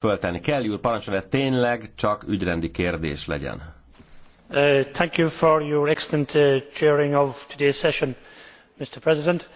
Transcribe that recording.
föltenni. Kell úr, parancsolja, tényleg csak ügyrendi kérdés legyen. Uh, thank you for your excellent uh, chairing of today's session, Mr. President.